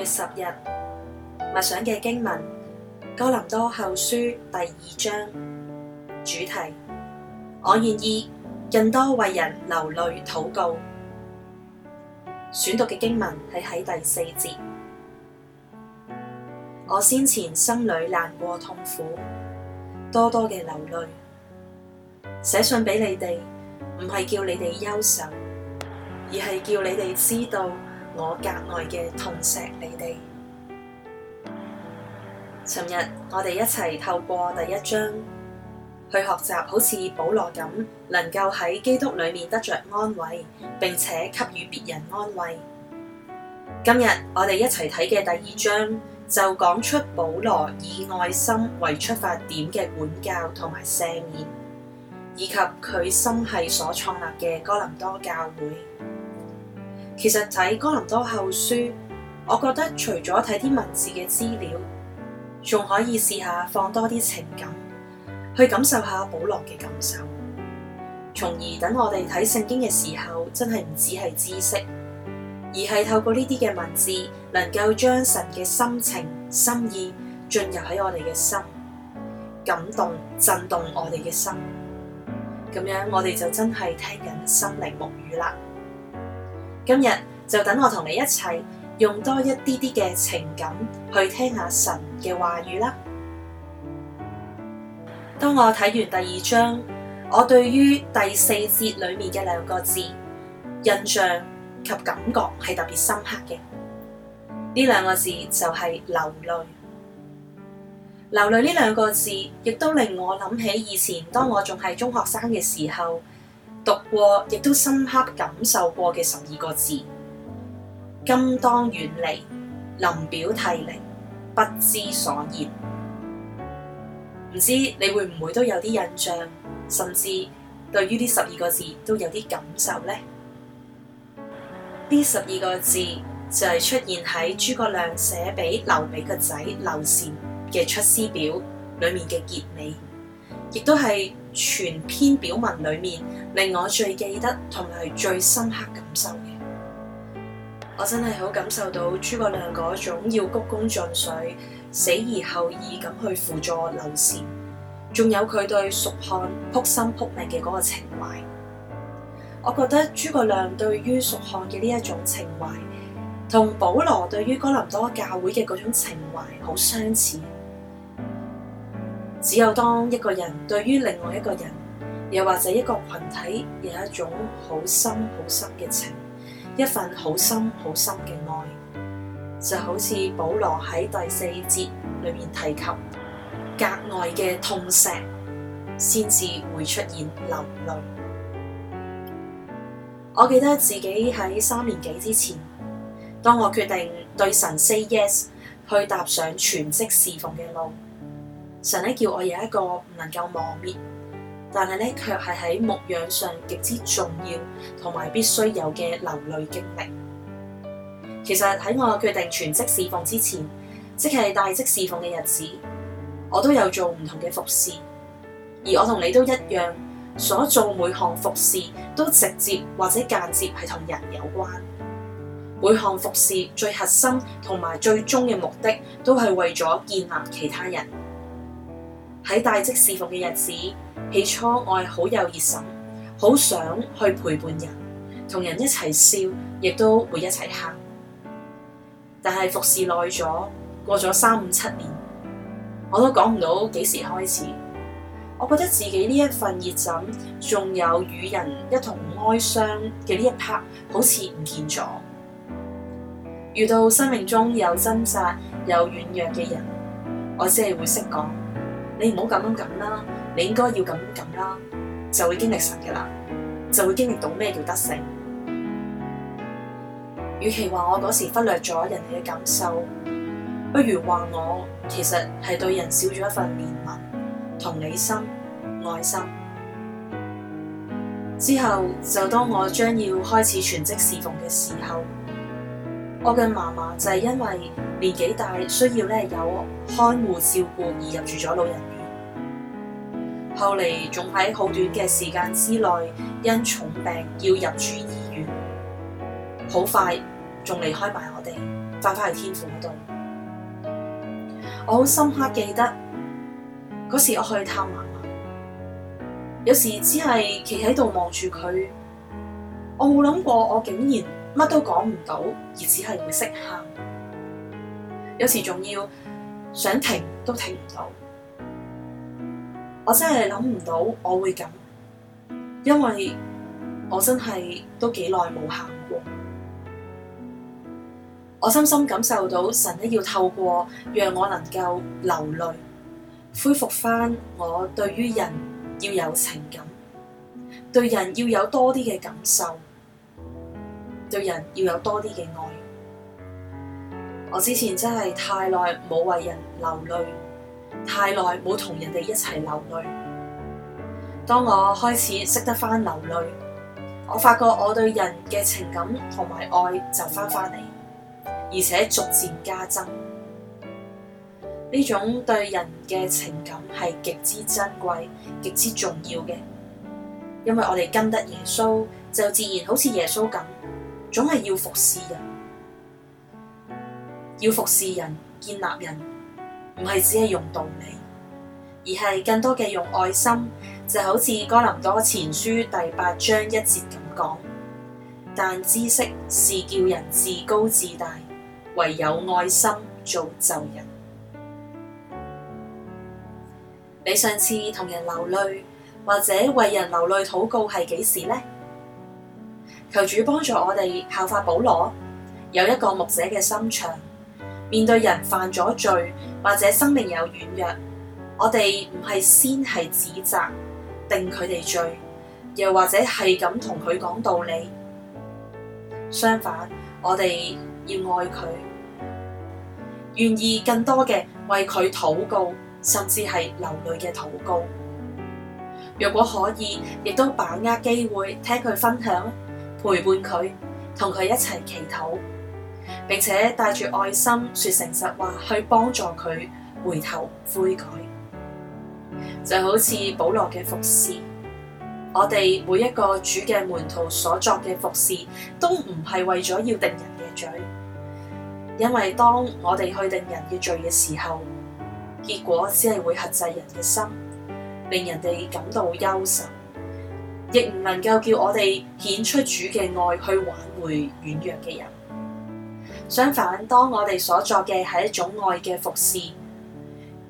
月十日，默想嘅經文《哥林多後書》第二章，主題：我願意更多為人流淚禱告。選讀嘅經文係喺第四節。我先前心裏難過痛苦，多多嘅流淚，寫信俾你哋，唔係叫你哋憂愁，而係叫你哋知道。我格外嘅痛錫你哋。尋日我哋一齊透過第一章去學習，好似保羅咁，能夠喺基督裏面得着安慰，並且給予別人安慰。今日我哋一齊睇嘅第二章就講出保羅以愛心為出發點嘅管教同埋赦免，以及佢心繫所創立嘅哥林多教會。其實睇《哥林多後書》，我覺得除咗睇啲文字嘅資料，仲可以試下放多啲情感，去感受下保羅嘅感受，從而等我哋睇聖經嘅時候，真係唔止係知識，而係透過呢啲嘅文字，能夠將神嘅心情、心意進入喺我哋嘅心，感動、震動我哋嘅心，咁樣我哋就真係聽緊心靈牧語啦。今日就等我同你一齊用多一啲啲嘅情感去聽下神嘅話語啦。當我睇完第二章，我對於第四節裏面嘅兩個字印象及感覺係特別深刻嘅。呢兩個字就係流淚，流淚呢兩個字亦都令我諗起以前當我仲係中學生嘅時候。讀過亦都深刻感受過嘅十二個字：今當遠離，臨表涕零，不知所言。唔知你會唔會都有啲印象，甚至對於呢十二個字都有啲感受呢？呢十二個字就係出現喺諸葛亮寫俾劉備個仔劉禪嘅《出師表》裏面嘅結尾。亦都係全篇表文裏面令我最記得同埋最深刻感受嘅。我真係好感受到諸葛亮嗰種要鞠躬盡瘁、死而後已咁去輔助劉禪，仲有佢對蜀漢撲心撲命嘅嗰個情懷。我覺得諸葛亮對於蜀漢嘅呢一種情懷，同保羅對於哥林多教會嘅嗰種情懷好相似。只有當一個人對於另外一個人，又或者一個群體，有一種好深好深嘅情，一份好深好深嘅愛，就好似保羅喺第四節裏面提及格外嘅痛錫，先至會出現流淚。我記得自己喺三年幾之前，當我決定對神 say yes，去踏上全職侍奉嘅路。神咧，叫我有一個唔能夠磨滅，但係咧卻係喺牧養上極之重要同埋必須有嘅、流淚經歷。其實喺我決定全職侍奉之前，即係帶職侍奉嘅日子，我都有做唔同嘅服侍。而我同你都一樣，所做每項服侍都直接或者間接係同人有關。每項服侍最核心同埋最終嘅目的，都係為咗建立其他人。喺大職侍奉嘅日子，起初我係好有熱忱，好想去陪伴人，同人一齊笑，亦都會一齊喊。但係服侍耐咗，過咗三五七年，我都講唔到幾時開始，我覺得自己呢一份熱忱，仲有與人一同哀傷嘅呢一 part，好似唔見咗。遇到生命中有掙扎、有軟弱嘅人，我只係會識講。你唔好咁樣咁、啊、啦，你應該要咁樣咁、啊、啦，就會經歷神嘅啦，就會經歷到咩叫得勝。與其話我嗰時忽略咗人哋嘅感受，不如話我其實係對人少咗一份憐憫同理心、愛心。之後就當我將要開始全職侍奉嘅時候。我嘅嫲嫲就係因為年紀大，需要有看護照顧而入住咗老人院，後嚟仲喺好短嘅時間之內因重病要入住醫院，好快仲離開埋我哋，返去天父嗰度。我好深刻記得嗰時我去探嫲嫲，有時只係企喺度望住佢，我冇諗過我竟然。乜都講唔到，而只係會識喊，有時仲要想停都停唔到。我真係諗唔到我會咁，因為我真係都幾耐冇喊過。我深深感受到神一要透過讓我能夠流淚，恢復返我對於人要有情感，對人要有多啲嘅感受。對人要有多啲嘅愛，我之前真係太耐冇為人流淚，太耐冇同人哋一齊流淚。當我開始識得翻流淚我發覺我對人嘅情感同埋愛就翻翻嚟，而且逐漸加增。呢種對人嘅情感係極之珍貴、極之重要嘅，因為我哋跟得耶穌，就自然好似耶穌咁。總係要服侍人，要服侍人、建立人，唔係只係用道理，而係更多嘅用愛心。就好似哥林多前書第八章一節咁講：但知識是叫人自高自大，唯有愛心造就人。你上次同人流淚，或者為人流淚禱告係幾時呢？求主幫助我哋效法保羅，有一個牧者嘅心腸，面對人犯咗罪或者生命有軟弱，我哋唔係先係指責定佢哋罪，又或者係咁同佢講道理。相反，我哋要愛佢，願意更多嘅為佢禱告，甚至係流淚嘅禱告。若果可以，亦都把握機會聽佢分享。陪伴佢，同佢一齊祈禱，並且帶住愛心說誠實話去幫助佢回頭悔改，就好似保羅嘅服侍。我哋每一個主嘅門徒所作嘅服侍，都唔係為咗要定人嘅罪，因為當我哋去定人嘅罪嘅時候，結果只係會剋制人嘅心，令人哋感到憂愁。亦唔能夠叫我哋顯出主嘅愛去挽回軟弱嘅人。相反，當我哋所作嘅係一種愛嘅服侍，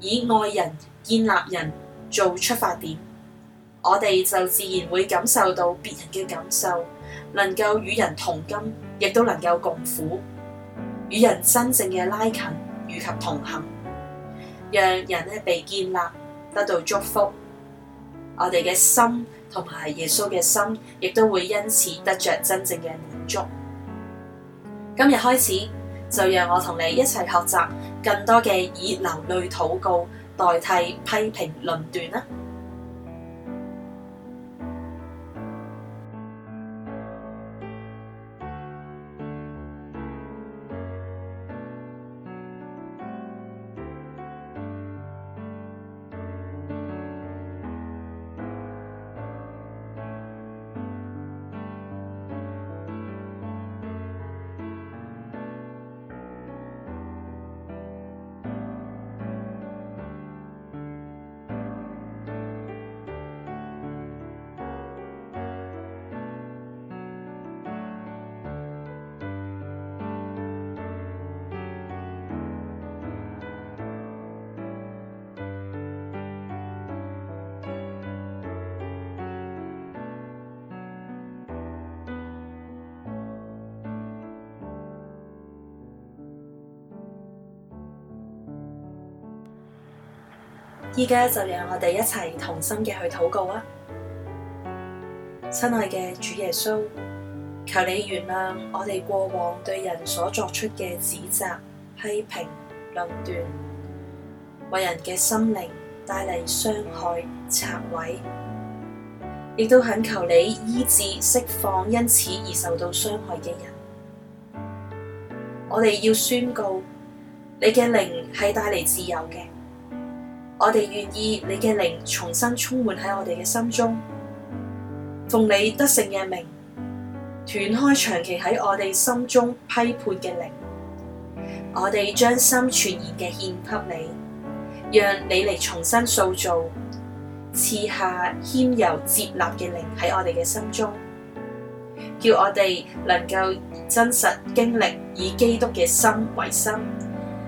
以愛人建立人做出發點，我哋就自然會感受到別人嘅感受，能夠與人同甘，亦都能夠共苦，與人真正嘅拉近以及同行，讓人呢被建立，得到祝福。我哋嘅心同埋耶穌嘅心，亦都會因此得着真正嘅滿足。今日開始，就讓我同你一齊學習更多嘅以流淚禱告代替批評論斷啦。依家就讓我哋一齊同心嘅去禱告啊！親愛嘅主耶穌，求你原諒我哋過往對人所作出嘅指責、批評、論斷，為人嘅心靈帶嚟傷害、拆毀，亦都懇求你醫治、釋放因此而受到傷害嘅人。我哋要宣告，你嘅靈係帶嚟自由嘅。我哋願意你嘅靈重新充滿喺我哋嘅心中，奉你得勝嘅名，斷開長期喺我哋心中批判嘅靈，我哋將心全然嘅獻給你，讓你嚟重新塑造，賜下謙柔接納嘅靈喺我哋嘅心中，叫我哋能夠真實經歷以基督嘅心為心，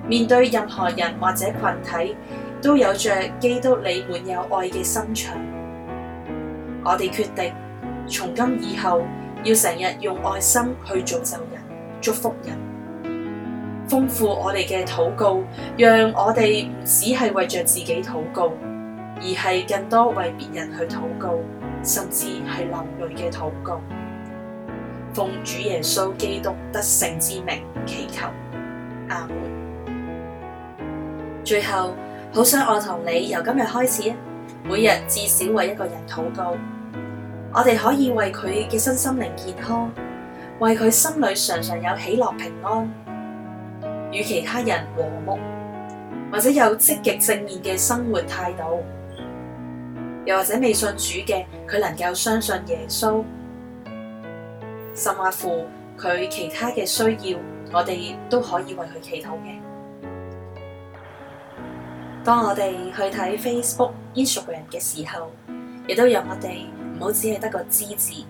面對任何人或者群體，都有着基督裡沒有愛嘅心腸，我哋決定從今以後要成日用愛心去造就人、祝福人，豐富我哋嘅禱告，讓我哋唔只係為着自己禱告，而係更多為別人去禱告，甚至係流淚嘅禱告。奉主耶穌基督得勝之名祈求，阿門。最後。好想我同你由今日開始，每日至少為一個人禱告。我哋可以為佢嘅身心靈健康，為佢心裏常常有喜樂平安，與其他人和睦，或者有積極正面嘅生活態度，又或者未信主嘅佢能夠相信耶穌，甚或乎佢其他嘅需要，我哋都可以為佢祈禱嘅。當我哋去睇 Facebook Instagram 嘅時候，亦都讓我哋唔好只係得個知字，字，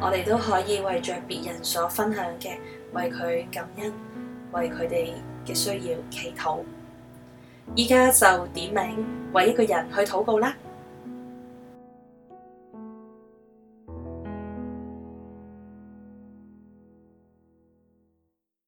我哋都可以為着別人所分享嘅，為佢感恩，為佢哋嘅需要祈禱。依家就點名為一個人去禱告啦。